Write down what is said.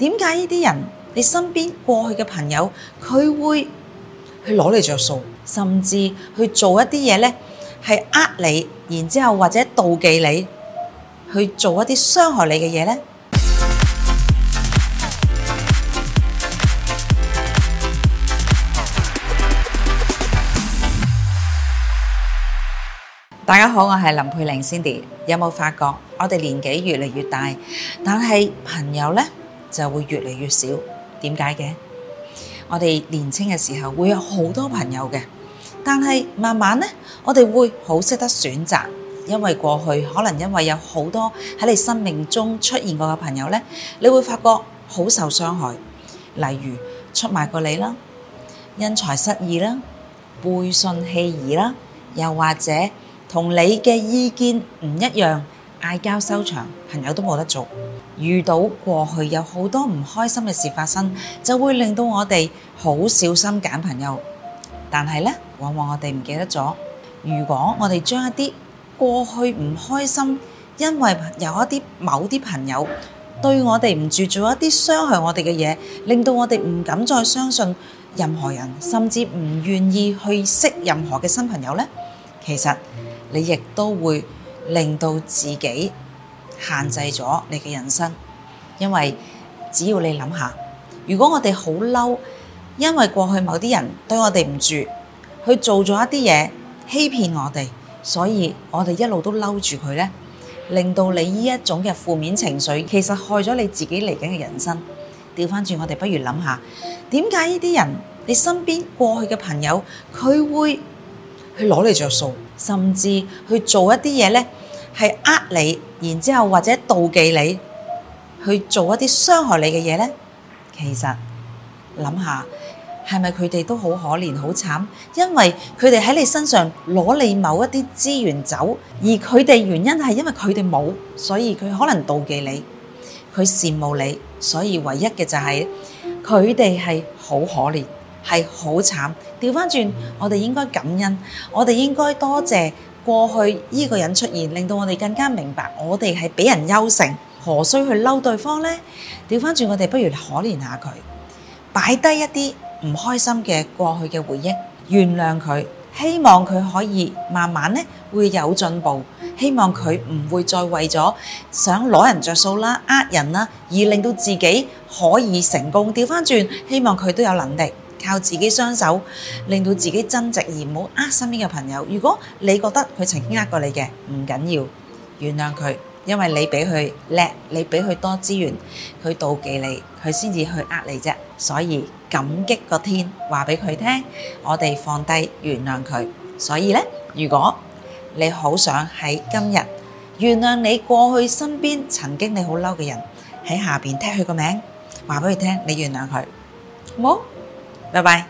點解呢啲人，你身邊過去嘅朋友，佢會去攞你着數，甚至去做一啲嘢呢，係呃你，然之後或者妒忌你，去做一啲傷害你嘅嘢呢？大家好，我係林佩玲，Cindy。有冇發覺我哋年紀越嚟越大，但係朋友呢？就會越嚟越少，點解嘅？我哋年輕嘅時候會有好多朋友嘅，但係慢慢呢，我哋會好識得選擇，因為過去可能因為有好多喺你生命中出現過嘅朋友呢，你會發覺好受傷害，例如出賣過你啦，因財失義啦，背信棄義啦，又或者同你嘅意見唔一樣。嗌交收場，朋友都冇得做。遇到過去有好多唔開心嘅事發生，就會令到我哋好小心揀朋友。但係咧，往往我哋唔記得咗。如果我哋將一啲過去唔開心，因為有一啲某啲朋友對我哋唔住做一啲傷害我哋嘅嘢，令到我哋唔敢再相信任何人，甚至唔願意去識任何嘅新朋友咧，其實你亦都會。令到自己限制咗你嘅人生，因為只要你諗下，如果我哋好嬲，因為過去某啲人對我哋唔住，去做咗一啲嘢，欺騙我哋，所以我哋一路都嬲住佢咧，令到你呢一種嘅負面情緒，其實害咗你自己嚟緊嘅人生。調翻轉，我哋不如諗下，點解呢啲人，你身邊過去嘅朋友，佢會去攞你著數，甚至去做一啲嘢呢，係呃你，然後或者妒忌你，去做一啲傷害你嘅嘢呢？其實諗下，係咪佢哋都好可憐、好慘？因為佢哋喺你身上攞你某一啲資源走，而佢哋原因係因為佢哋冇，所以佢可能妒忌你，佢羨慕你，所以唯一嘅就係佢哋係好可憐。係好慘，掉翻轉，我哋應該感恩，我哋應該多謝過去呢個人出現，令到我哋更加明白，我哋係比人優勝，何須去嬲對方呢？掉翻轉，我哋不如可憐下佢，擺低一啲唔開心嘅過去嘅回憶，原諒佢，希望佢可以慢慢呢會有進步，希望佢唔會再為咗想攞人着數啦、呃人啦，而令到自己可以成功。掉翻轉，希望佢都有能力。靠自己雙手，令到自己增值，而唔好呃身邊嘅朋友。如果你覺得佢曾經呃過你嘅，唔緊要，原諒佢，因為你比佢叻，你比佢多資源，佢妒忌你，佢先至去呃你啫。所以感激個天，話俾佢聽，我哋放低，原諒佢。所以呢，如果你好想喺今日原諒你過去身邊曾經你好嬲嘅人，喺下邊踢佢個名，話俾佢聽，你原諒佢，好冇？拜拜。